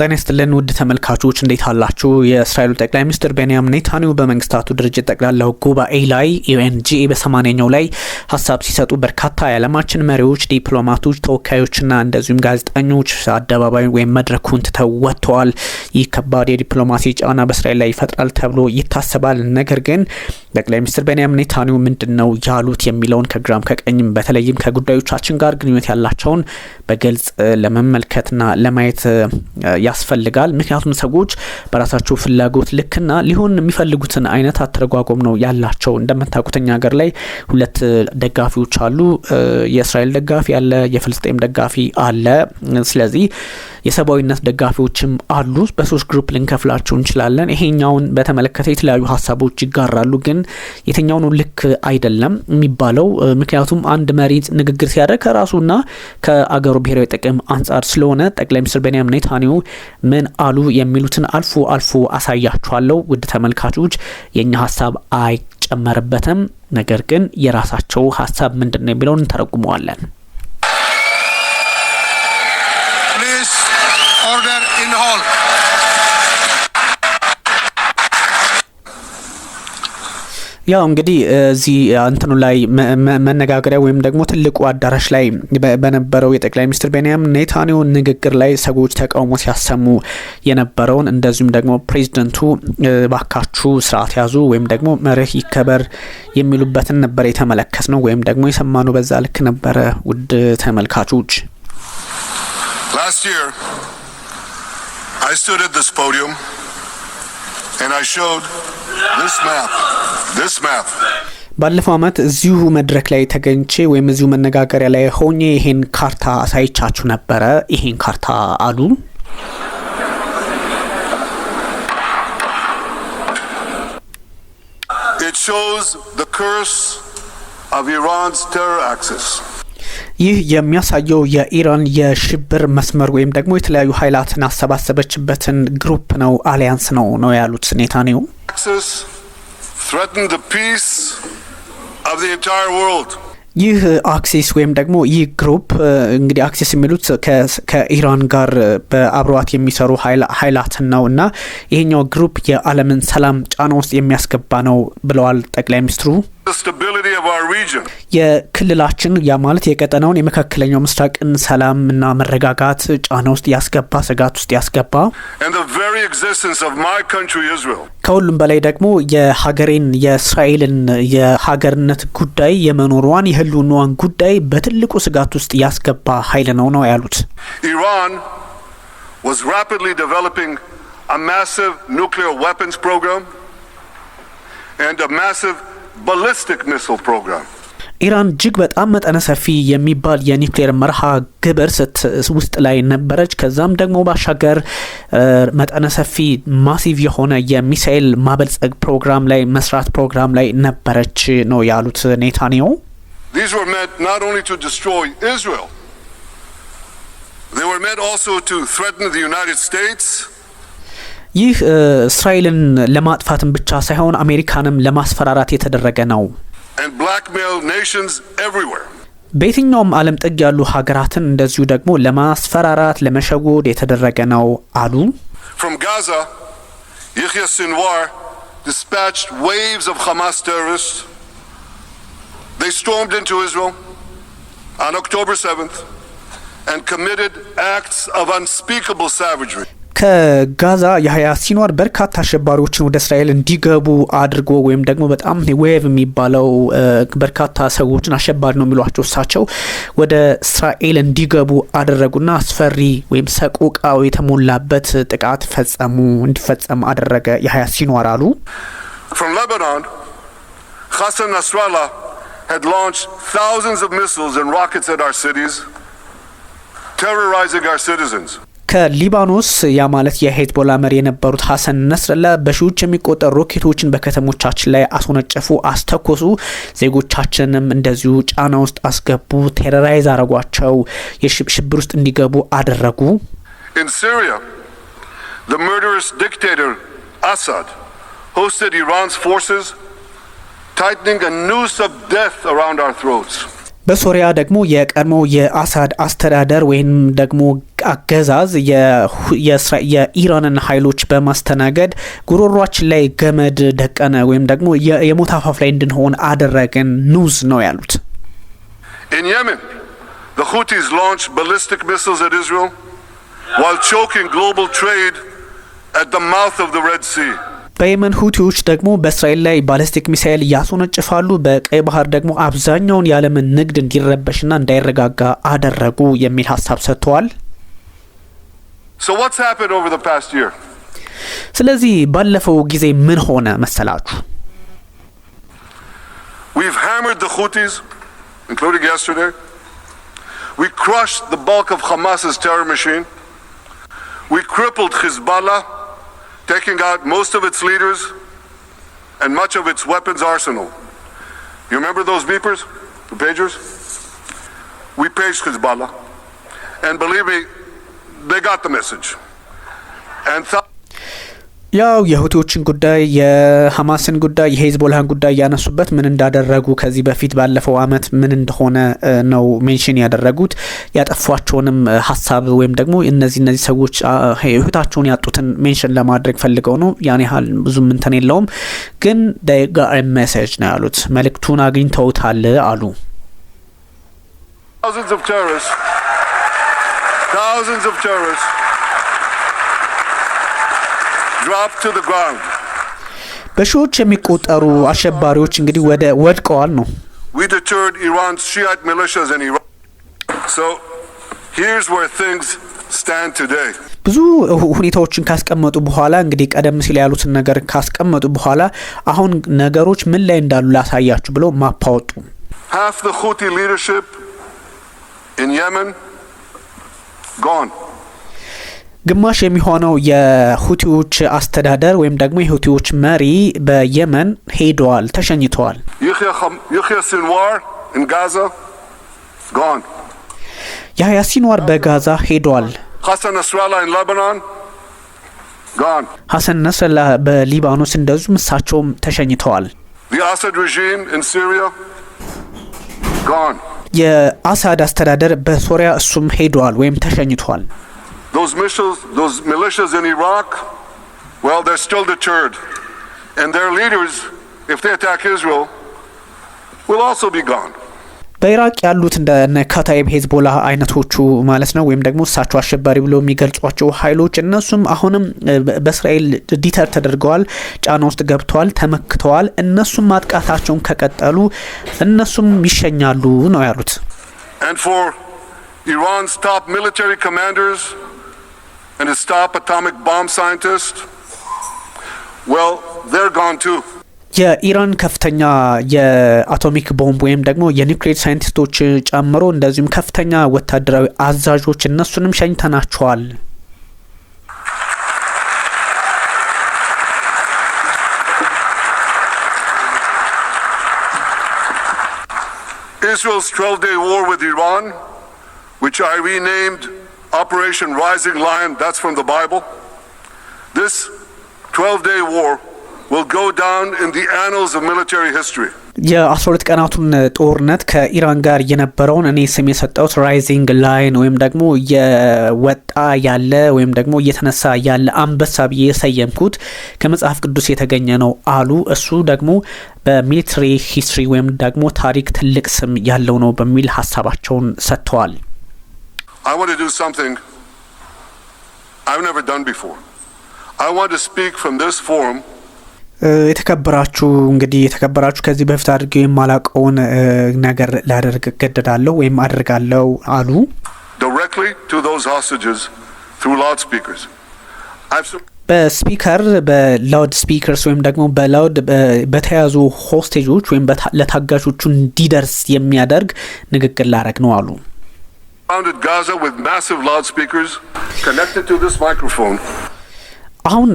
ጤና ይስጥልን ውድ ተመልካቾች እንዴት አላችሁ? የእስራኤሉ ጠቅላይ ሚኒስትር ቤንያሚን ኔታንያሁ በመንግስታቱ ድርጅት ጠቅላላው ጉባኤ ላይ ዩኤንጂኤ በሰማንያኛው ላይ ሀሳብ ሲሰጡ በርካታ የዓለማችን መሪዎች፣ ዲፕሎማቶች፣ ተወካዮችና እንደዚሁም ጋዜጠኞች አደባባይ ወይም መድረኩን ትተው ወጥተዋል። ይህ ከባድ የዲፕሎማሲ ጫና በእስራኤል ላይ ይፈጥራል ተብሎ ይታሰባል። ነገር ግን ጠቅላይ ሚኒስትር ቤንያሚን ኔታንያሁ ምንድን ነው ያሉት የሚለውን ከግራም ከቀኝም በተለይም ከጉዳዮቻችን ጋር ግንኙነት ያላቸውን በግልጽ ለመመልከትና ለማየት ያስፈልጋል። ምክንያቱም ሰዎች በራሳቸው ፍላጎት ልክና ሊሆን የሚፈልጉትን አይነት አተረጓጎም ነው ያላቸው። እንደምታውቁት እኛ ሀገር ላይ ሁለት ደጋፊዎች አሉ። የእስራኤል ደጋፊ አለ፣ የፍልስጤም ደጋፊ አለ። ስለዚህ የሰብአዊነት ደጋፊዎችም አሉ። በሶስት ግሩፕ ልንከፍላቸው እንችላለን። ይሄኛውን በተመለከተ የተለያዩ ሀሳቦች ይጋራሉ፣ ግን የትኛውኑ ልክ አይደለም የሚባለው ምክንያቱም አንድ መሪ ንግግር ሲያደርግ ከራሱና ከአገሩ ብሔራዊ ጥቅም አንጻር ስለሆነ ጠቅላይ ሚኒስትር ቤንያም ኔታንያሁ ምን አሉ የሚሉትን አልፎ አልፎ አሳያችኋለሁ። ውድ ተመልካቾች የእኛ ሀሳብ አይጨመርበትም። ነገር ግን የራሳቸው ሀሳብ ምንድን ነው የሚለውን እንተረጉመዋለን። ያው እንግዲህ እዚህ እንትኑ ላይ መነጋገሪያ ወይም ደግሞ ትልቁ አዳራሽ ላይ በነበረው የጠቅላይ ሚኒስትር ቤንያም ኔታንያሁ ንግግር ላይ ሰዎች ተቃውሞ ሲያሰሙ የነበረውን እንደዚሁም ደግሞ ፕሬዚደንቱ ባካችሁ ስርዓት ያዙ ወይም ደግሞ መርህ ይከበር የሚሉበትን ነበር የተመለከት ነው ወይም ደግሞ የሰማኑ በዛ ልክ ነበረ። ውድ ተመልካቾች Last year, I and I showed this map, this map. ባለፈው ዓመት እዚሁ መድረክ ላይ ተገኝቼ ወይም እዚሁ መነጋገሪያ ላይ ሆኜ ይሄን ካርታ አሳይቻችሁ ነበረ። ይሄን ካርታ አሉ It shows the curse of Iran's terror axis. ይህ የሚያሳየው የኢራን የሽብር መስመር ወይም ደግሞ የተለያዩ ኃይላትን አሰባሰበችበትን ግሩፕ ነው፣ አሊያንስ ነው ነው ያሉት ኔታንያሁ። ይህ አክሲስ ወይም ደግሞ ይህ ግሩፕ እንግዲህ አክሲስ የሚሉት ከኢራን ጋር በአብረዋት የሚሰሩ ኃይላትን ነው እና ይሄኛው ግሩፕ የዓለምን ሰላም ጫና ውስጥ የሚያስገባ ነው ብለዋል ጠቅላይ ሚኒስትሩ። የክልላችን ያ ማለት የቀጠናውን የመካከለኛው ምስራቅን እና መረጋጋት ጫና ውስጥ ያስገባ ስጋት ውስጥ ያስገባ ከሁሉም በላይ ደግሞ የሀገሬን የእስራኤልን የሀገርነት ጉዳይ የመኖሯን የህልውናዋን ጉዳይ በትልቁ ስጋት ውስጥ ያስገባ ኃይል ነው ነው ያሉት። ኢራን was rapidly developing a ኢራን እጅግ በጣም መጠነ ሰፊ የሚባል የኒውክሌር መርሃ ግብር ውስጥ ላይ ነበረች። ከዛም ደግሞ ባሻገር መጠነ ሰፊ ማሲቭ የሆነ የሚሳኤል ማበልጸግ ፕሮግራም ላይ መስራት ፕሮግራም ላይ ነበረች ነው ያሉት ኔታንያሁ። ይህ እስራኤልን ለማጥፋትን ብቻ ሳይሆን አሜሪካንም ለማስፈራራት የተደረገ ነው። በየትኛውም አለም ጥግ ያሉ ሀገራትን እንደዚሁ ደግሞ ለማስፈራራት ለመሸጎድ የተደረገ ነው አሉ። ጋዛ ይህ የሲንዋር ዲስፓችድ ዌቭስ ኦፍ ሐማስ ቴሮሪስት ዘይ ስቶርምድ ኢንቱ እስራኤል ኦን ኦክቶበር 7 ኤንድ ኮሚትድ አክትስ ኦፍ ከጋዛ የሀያ ሲኗር በርካታ አሸባሪዎችን ወደ እስራኤል እንዲገቡ አድርጎ ወይም ደግሞ በጣም ዌቭ የሚባለው በርካታ ሰዎችን አሸባሪ ነው የሚሏቸው እሳቸው ወደ እስራኤል እንዲገቡ አደረጉና አስፈሪ ወይም ሰቆቃው የተሞላበት ጥቃት ፈጸሙ እንዲፈጸም አደረገ የሀያ ሲኗር አሉ። Hassan Nasrallah ከሊባኖስ ያ ማለት የሄዝቦላ መሪ የነበሩት ሀሰን ነስረላ በሺዎች የሚቆጠሩ ሮኬቶችን በከተሞቻችን ላይ አስወነጨፉ፣ አስተኮሱ፣ ዜጎቻችንንም እንደዚሁ ጫና ውስጥ አስገቡ፣ ቴረራይዝ አረጓቸው፣ ሽብር ውስጥ እንዲገቡ አደረጉ። In Syria, the murderous dictator Assad hosted Iran's forces, tightening a noose በሶሪያ ደግሞ የቀድሞ የአሳድ አስተዳደር ወይም ደግሞ አገዛዝ የኢራንን ኃይሎች በማስተናገድ ጉሮሯችን ላይ ገመድ ደቀነ ወይም ደግሞ የሞታፋፍ ላይ እንድንሆን አደረግን ኑዝ ነው ያሉት። የመን ዘ ሁቲስ ላንች ባሊስቲክ ሚስልስ አት እስራኤል ዋይል ቾኪንግ ግሎባል ትሬድ በየመን ሁቲዎች ደግሞ በእስራኤል ላይ ባለስቲክ ሚሳኤል ያስወነጭፋሉ። በቀይ ባህር ደግሞ አብዛኛውን የዓለምን ንግድ እንዲረበሽና እንዳይረጋጋ አደረጉ የሚል ሀሳብ ሰጥተዋል። ስለዚህ ባለፈው ጊዜ ምን ሆነ መሰላችሁ? we crushed the bulk of Hamas's terror machine. We crippled Hezbollah. taking out most of its leaders and much of its weapons arsenal. You remember those beepers, the pagers? We paged Hezbollah. And believe me, they got the message. And th- ያው የሁቲዎችን ጉዳይ የሀማስን ጉዳይ የሄዝቦላን ጉዳይ ያነሱበት ምን እንዳደረጉ ከዚህ በፊት ባለፈው አመት ምን እንደሆነ ነው ሜንሽን ያደረጉት። ያጠፏቸውንም ሀሳብ ወይም ደግሞ እነዚህ እነዚህ ሰዎች ህይወታቸውን ያጡትን ሜንሽን ለማድረግ ፈልገው ነው። ያን ያህል ብዙም ምንትን የለውም፣ ግን ደጋ ሜሴጅ ነው ያሉት። መልእክቱን አግኝተውታል አሉ። Thousands of terrorists. Thousands of terrorists. በሺዎች የሚቆጠሩ አሸባሪዎች እንግዲህ ወደ ወድቀዋል ነው። ብዙ ሁኔታዎችን ካስቀመጡ በኋላ እንግዲህ ቀደም ሲል ያሉትን ነገር ካስቀመጡ በኋላ አሁን ነገሮች ምን ላይ እንዳሉ ላሳያችሁ ብለው ማፓወጡ ሀፍ ሁቲ ሊደርሽፕ ኢን የመን ጎን ግማሽ የሚሆነው የሁቲዎች አስተዳደር ወይም ደግሞ የሁቲዎች መሪ በየመን ሄደዋል፣ ተሸኝተዋል። ያህያ ሲንዋር በጋዛ ሄደዋል። ሀሰን ነስረላ በሊባኖስ እንደዙ እሳቸውም ተሸኝተዋል። የአሳድ አስተዳደር በሶሪያ እሱም ሄደዋል ወይም ተሸኝተዋል። Those missiles, those militias in Iraq, well, they're still deterred. And their leaders, if they attack Israel, will also be gone. በኢራቅ ያሉት እንደ ካታይብ ሄዝቦላህ አይነቶቹ ማለት ነው፣ ወይም ደግሞ እሳቸው አሸባሪ ብሎ የሚገልጿቸው ኃይሎች እነሱም አሁንም በእስራኤል ዲተር ተደርገዋል፣ ጫና ውስጥ ገብተዋል፣ ተመክተዋል። እነሱም ማጥቃታቸውን ከቀጠሉ እነሱም ይሸኛሉ ነው ያሉት። and a top atomic bomb scientist? Well, they're gone too. የኢራን ከፍተኛ የአቶሚክ ቦምብ ወይም ደግሞ የኒውክሌር ሳይንቲስቶች ጨምሮ እንደዚሁም ከፍተኛ ወታደራዊ አዛዦች እነሱንም ሸኝተናቸዋል። እስራኤል 12 ዴይ ዋር ዊዝ ኢራን ዊች አይ Operation Rising Lion, that's from the Bible. This 12 day war will go down in the annals of military history. የአስራ ሁለት ቀናቱን ጦርነት ከኢራን ጋር የነበረውን እኔ ስም የሰጠሁት ራይዚንግ ላይን ወይም ደግሞ የወጣ ያለ ወይም ደግሞ እየተነሳ ያለ አንበሳ ብዬ የሰየምኩት ከመጽሐፍ ቅዱስ የተገኘ ነው አሉ። እሱ ደግሞ በሚሊትሪ ሂስትሪ ወይም ደግሞ ታሪክ ትልቅ ስም ያለው ነው በሚል ሀሳባቸውን ሰጥተዋል። I want to do something I've never done before. I want to speak from this forum. የተከበራችሁ እንግዲህ የተከበራችሁ ከዚህ በፊት አድርገው የማላውቀውን ነገር ላደርግ እገደዳለሁ ወይም አድርጋለው አሉ። በስፒከር በላውድ ስፒከርስ ወይም ደግሞ በላውድ በተያዙ ሆስቴጆች ወይም ለታጋቾቹ እንዲደርስ የሚያደርግ ንግግር ላረግ ነው አሉ። surrounded Gaza with massive loudspeakers connected to this microphone. አሁን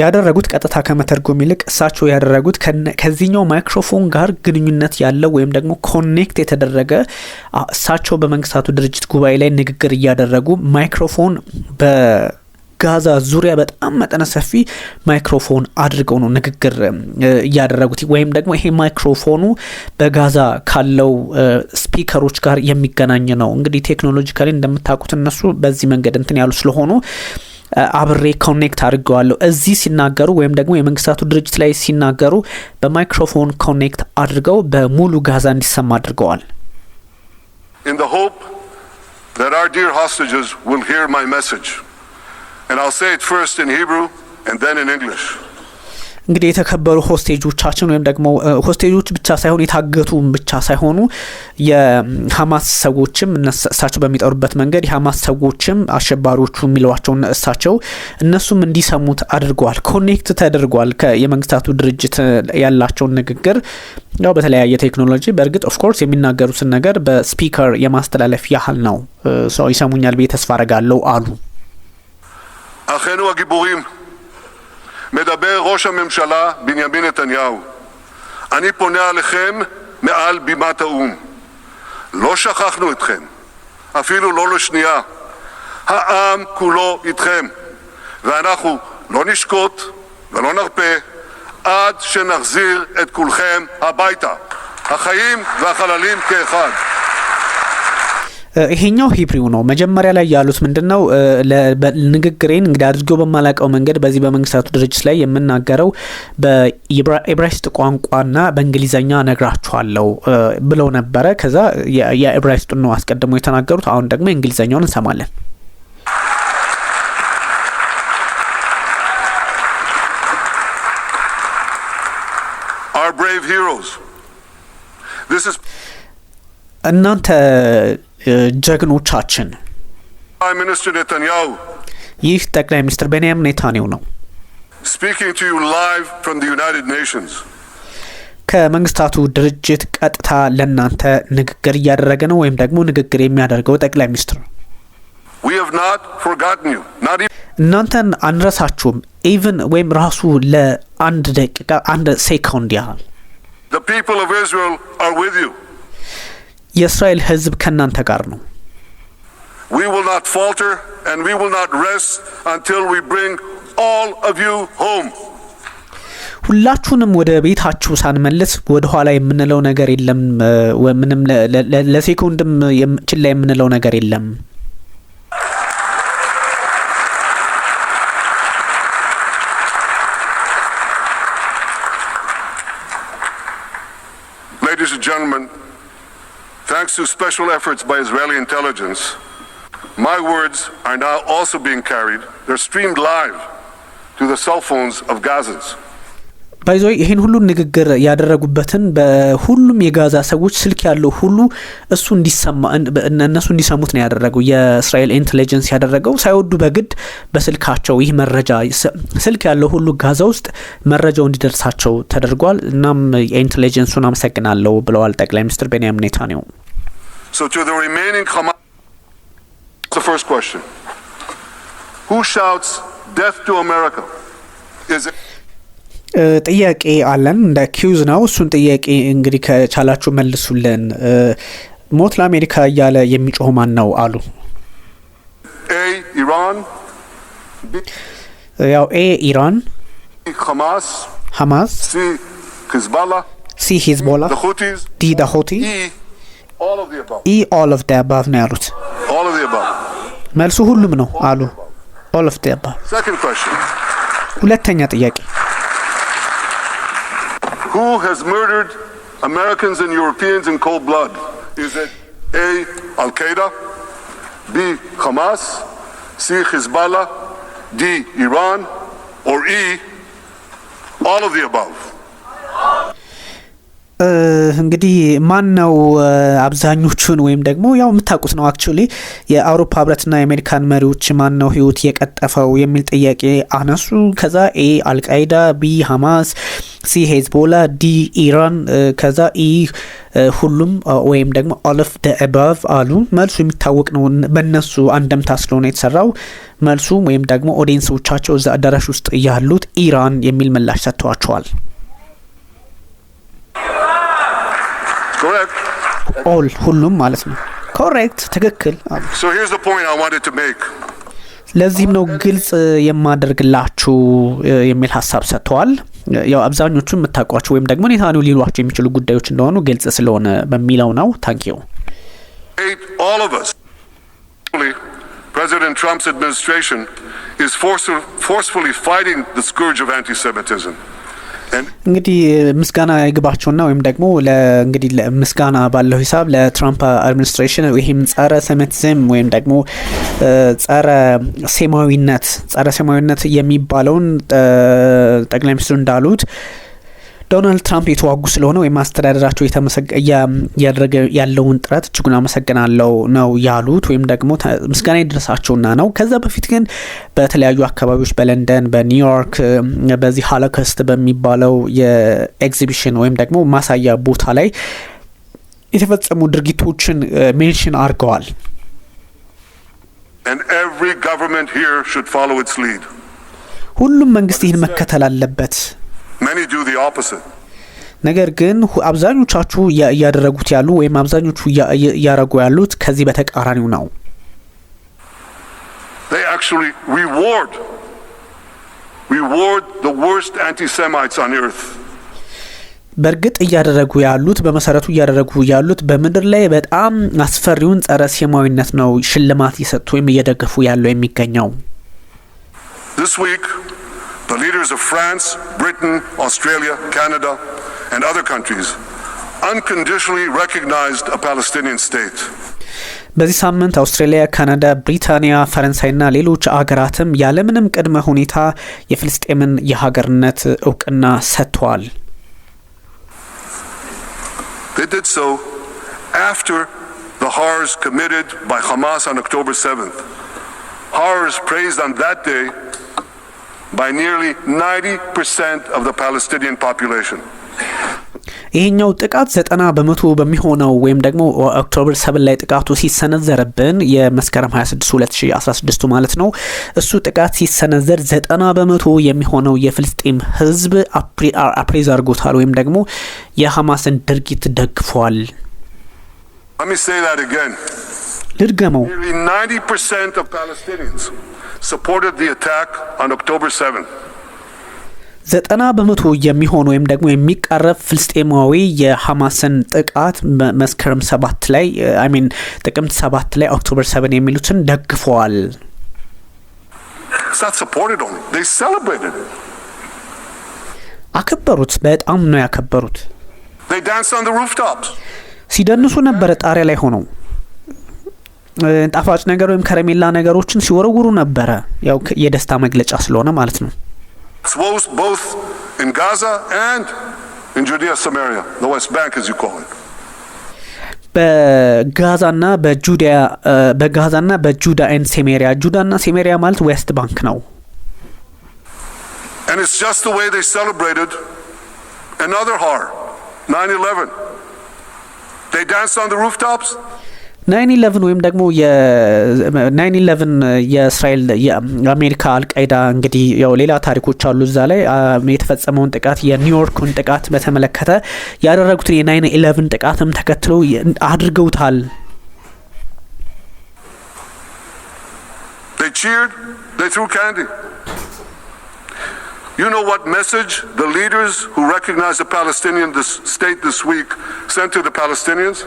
ያደረጉት ቀጥታ ከመተርጎም ይልቅ እሳቸው ያደረጉት ከዚህኛው ማይክሮፎን ጋር ግንኙነት ያለው ወይም ደግሞ ኮኔክት የተደረገ እሳቸው በመንግስታቱ ድርጅት ጉባኤ ላይ ንግግር እያደረጉ ማይክሮፎን በ ጋዛ ዙሪያ በጣም መጠነ ሰፊ ማይክሮፎን አድርገው ነው ንግግር እያደረጉት ወይም ደግሞ ይሄ ማይክሮፎኑ በጋዛ ካለው ስፒከሮች ጋር የሚገናኝ ነው። እንግዲህ ቴክኖሎጂካሊ እንደምታውቁት እነሱ በዚህ መንገድ እንትን ያሉ ስለሆኑ አብሬ ኮኔክት አድርገዋለሁ። እዚህ ሲናገሩ ወይም ደግሞ የመንግስታቱ ድርጅት ላይ ሲናገሩ በማይክሮፎን ኮኔክት አድርገው በሙሉ ጋዛ እንዲሰማ አድርገዋል። In the hope that our dear hostages will hear my message. እንግዲህ የተከበሩ ሆስቴጆቻችን ወይም ደግሞ ሆስቴጆች ብቻ ሳይሆን የታገቱም ብቻ ሳይሆኑ የሀማስ ሰዎችም እሳቸው በሚጠሩበት መንገድ የሀማስ ሰዎችም አሸባሪዎቹ የሚለዋቸውን እሳቸው እነሱም እንዲሰሙት አድርገዋል። ኮኔክት ተደርጓል። የመንግስታቱ ድርጅት ያላቸውን ንግግር ያው በተለያየ ቴክኖሎጂ በእርግጥ ኦፍኮርስ የሚናገሩትን ነገር በስፒከር የማስተላለፍ ያህል ነው። ሰው ይሰሙኛል ብዬ ተስፋ አረጋለሁ አሉ። אחינו הגיבורים, מדבר ראש הממשלה בנימין נתניהו. אני פונה אליכם מעל בימת האו"ם. לא שכחנו אתכם, אפילו לא לשנייה. העם כולו איתכם, ואנחנו לא נשקוט ולא נרפה עד שנחזיר את כולכם הביתה, החיים והחללים כאחד. ይሄኛው ሂብሪው ነው። መጀመሪያ ላይ ያሉት ምንድን ነው? ንግግሬን እንግዲህ አድርጌው በማላቀው መንገድ በዚህ በመንግስታቱ ድርጅት ላይ የምናገረው በኤብራይስጥ ቋንቋና በእንግሊዘኛ ነግራችኋለሁ ብለው ነበረ። ከዛ የኤብራይስጡን ነው አስቀድሞ የተናገሩት። አሁን ደግሞ የእንግሊዘኛውን እንሰማለን። እናንተ ጀግኖቻችን። ይህ ጠቅላይ ሚኒስትር ቤንያሚን ኔታንያሁ ነው። ከመንግስታቱ ድርጅት ቀጥታ ለእናንተ ንግግር እያደረገ ነው፣ ወይም ደግሞ ንግግር የሚያደርገው ጠቅላይ ሚኒስትር እናንተን አንረሳችሁም። ኢቭን ወይም ራሱ ለአንድ ደቂቃ አንድ ሴኮንድ ያህል የእስራኤል ሕዝብ ከእናንተ ጋር ነው። ሁላችሁንም ወደ ቤታችሁ ሳንመልስ ወደ ኋላ የምንለው ነገር የለም። ምንም ለሴኮንድም ችላ የምንለው ነገር የለም። Ladies and gentlemen, Thanks to special efforts by Israeli intelligence, my words are now also being carried. They're streamed live to the cell phones of Gazans. ባይዞ ይህን ሁሉ ንግግር ያደረጉበትን በሁሉም የጋዛ ሰዎች ስልክ ያለው ሁሉ እሱ እንዲሰማ እነሱ እንዲሰሙት ነው ያደረገው የእስራኤል ኢንቴሊጀንስ ያደረገው ሳይወዱ በግድ በስልካቸው ይህ መረጃ ስልክ ያለው ሁሉ ጋዛ ውስጥ መረጃው እንዲደርሳቸው ተደርጓል። እናም የኢንቴሊጀንሱን አመሰግናለሁ ብለዋል ጠቅላይ ሚኒስትር ቤንያሚን ኔታንያሁ። ጥያቄ አለን እንደ ኪውዝ ነው። እሱን ጥያቄ እንግዲህ ከቻላችሁ መልሱልን። ሞት ለአሜሪካ እያለ የሚጮህ ማን ነው አሉ። ያው ኤ ኢራን፣ ሐማስ፣ ሲ ሂዝቦላ፣ ዲ ዳሆቲ፣ ኢ ኦል ኦፍ ደ አባቭ ነው ያሉት። መልሱ ሁሉም ነው አሉ። ኦል ኦፍ ደ አባቭ። ሁለተኛ ጥያቄ Who has murdered Americans and Europeans in cold blood? Is it A. Al Qaeda, B. Hamas, C. Hezbollah, D. Iran, or E. All of the above? እንግዲህ ማን ነው አብዛኞቹን ወይም ደግሞ ያው የምታውቁት ነው አክቹሊ የአውሮፓ ህብረትና የአሜሪካን መሪዎች ማን ነው ህይወት የቀጠፈው የሚል ጥያቄ አነሱ። ከዛ ኤ አልቃይዳ፣ ቢ ሀማስ ሲ ሄዝቦላ፣ ዲ ኢራን፣ ከዛ ኢ ሁሉም ወይም ደግሞ ኦልፍ ደ አባቭ አሉ። መልሱ የሚታወቅ ነው። በእነሱ አንደምታ ስለሆነ የተሰራው መልሱም ወይም ደግሞ ኦዲየንሶቻቸው እዛ አዳራሽ ውስጥ ያሉት ኢራን የሚል ምላሽ ሰጥተዋቸዋል። ኦል ሁሉም ማለት ነው። ኮሬክት ትክክል ለዚህም ነው ግልጽ የማደርግላችሁ የሚል ሀሳብ ሰጥተዋል። ያው አብዛኞቹ የምታውቋቸው ወይም ደግሞ ኔታንያሁ ሊሏቸው የሚችሉ ጉዳዮች እንደሆኑ ግልጽ ስለሆነ በሚለው ነው። ታንኪው President Trump's administration is forcefully fighting the scourge of anti-Semitism. እንግዲህ ምስጋና ይግባቸውና ወይም ደግሞ እንግዲህ ምስጋና ባለው ሂሳብ ለትራምፕ አድሚኒስትሬሽን ይህም ጸረ ዝም ወይም ደግሞ ጸረ ሴማዊነት ጸረ ሴማዊነት የሚባለውን ጠቅላይ ሚኒስትሩ እንዳሉት ዶናልድ ትራምፕ የተዋጉ ስለሆነ ወይም አስተዳደራቸው እያደረገ ያለውን ጥረት እጅጉን አመሰግናለው ነው ያሉት። ወይም ደግሞ ምስጋና የደረሳቸውና ነው። ከዛ በፊት ግን በተለያዩ አካባቢዎች በለንደን፣ በኒውዮርክ በዚህ ሀለከስት በሚባለው የኤግዚቢሽን ወይም ደግሞ ማሳያ ቦታ ላይ የተፈጸሙ ድርጊቶችን ሜንሽን አድርገዋል። ሁሉም መንግስት ይህን መከተል አለበት። ነገር ግን አብዛኞቻችሁ እያደረጉት ያሉ ወይም አብዛኞቹ እያደረጉ ያሉት ከዚህ በተቃራኒው ነው። በእርግጥ እያደረጉ ያሉት በመሰረቱ እያደረጉ ያሉት በምድር ላይ በጣም አስፈሪውን ጸረ ሴማዊነት ነው ሽልማት እየሰጡ ወይም እየደገፉ ያለው የሚገኘው። The leaders of France, Britain, Australia, Canada, and other countries unconditionally recognized a Palestinian state. በዚህ ሳምንት አውስትሬሊያ፣ ካናዳ፣ ብሪታንያ፣ ፈረንሳይና ሌሎች አገራትም ያለምንም ቅድመ ሁኔታ የፍልስጤምን የሀገርነት እውቅና ሰጥተዋል። They did so after the horrors committed by Hamas on October 7th. Horrors praised on that day by nearly 90% of the Palestinian population. ይህኛው ጥቃት ዘጠና በመቶ በሚሆነው ወይም ደግሞ ኦክቶበር ሰብን ላይ ጥቃቱ ሲሰነዘርብን የመስከረም 26 2016 ማለት ነው። እሱ ጥቃት ሲሰነዘር ዘጠና በመቶ የሚሆነው የፍልስጤም ህዝብ አፕሬዝ አድርጎታል ወይም ደግሞ የሐማስን ድርጊት ደግፏል። ልድገመው supported the attack on October 7th. ዘጠና በመቶ የሚሆን ወይም ደግሞ የሚቀረብ ፍልስጤማዊ የሐማስን ጥቃት መስከረም ሰባት ላይ አይሚን ጥቅምት ሰባት ላይ ኦክቶበር ሰቨን የሚሉትን ደግፈዋል። አከበሩት። በጣም ነው ያከበሩት። ሲደንሱ ነበረ ጣሪያ ላይ ሆነው ጣፋጭ ነገር ወይም ከረሜላ ነገሮችን ሲወረውሩ ነበረ። ያው የደስታ መግለጫ ስለሆነ ማለት ነው። በጋዛና በጁዲያ በጋዛና በጁዳ ኤን ሴሜሪያ ጁዳና ሴሜሪያ ማለት ዌስት ባንክ ነው። ናይን ኢለቭን ወይም ደግሞ ናይን ኢለቭን የእስራኤል የአሜሪካ አልቃይዳ እንግዲህ ያው ሌላ ታሪኮች አሉ እዛ ላይ የተፈጸመውን ጥቃት የኒውዮርኩን ጥቃት በተመለከተ ያደረጉትን የናይን ኢለቭን ጥቃትም ተከትሎ አድርገውታል። You know what message the leaders who recognize the Palestinian this state this week sent to the Palestinians?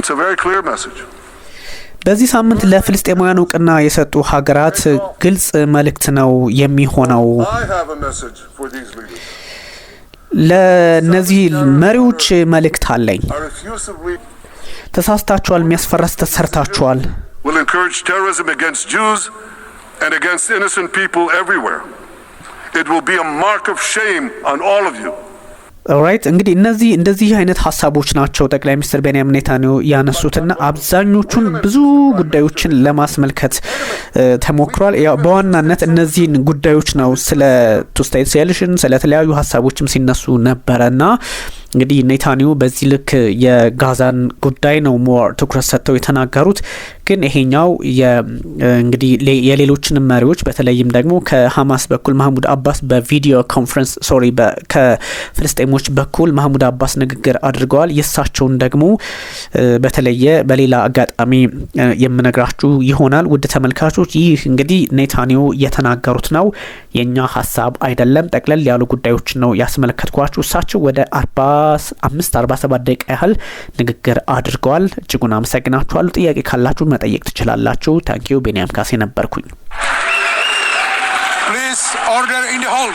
It's a very clear message. በዚህ ሳምንት ለፍልስጤማውያን እውቅና የሰጡ ሀገራት ግልጽ መልእክት ነው የሚሆነው። ለእነዚህ መሪዎች መልእክት አለኝ። ተሳስታችኋል፣ የሚያስፈራስ ተሰርታችኋል። ሪስም ራይት እንግዲህ እነዚህ እንደዚህ አይነት ሀሳቦች ናቸው ጠቅላይ ሚኒስትር ቤንያሚን ኔታንያሁ ያነሱትና አብዛኞቹን ብዙ ጉዳዮችን ለማስመልከት ተሞክሯል። በዋናነት እነዚህን ጉዳዮች ነው ስለ ቱ ስቴት ሶሉሽን ስለተለያዩ ሀሳቦችም ሲነሱ ነበረና እንግዲህ ኔታንያሁ በዚህ ልክ የጋዛን ጉዳይ ነው ሞር ትኩረት ሰጥተው የተናገሩት። ግን ይሄኛው እንግዲህ የሌሎችንም መሪዎች በተለይም ደግሞ ከሀማስ በኩል ማህሙድ አባስ በቪዲዮ ኮንፈረንስ ሶሪ ከፍልስጤሞች በኩል ማህሙድ አባስ ንግግር አድርገዋል። የእሳቸውን ደግሞ በተለየ በሌላ አጋጣሚ የምነግራችሁ ይሆናል። ውድ ተመልካቾች ይህ እንግዲህ ኔታንያሁ የተናገሩት ነው፣ የእኛ ሀሳብ አይደለም። ጠቅለል ያሉ ጉዳዮችን ነው ያስመለከትኳችሁ። እሳቸው ወደ አርባ አምስት አርባ ሰባት ደቂቃ ያህል ንግግር አድርገዋል። እጅጉን አመሰግናችኋለሁ። ጥያቄ ካላችሁ መጠየቅ ትችላላችሁ። ታንኪዩ። ቤንያም ካሴ ነበርኩኝ። ፕሊዝ ኦርደር ኢን ሆል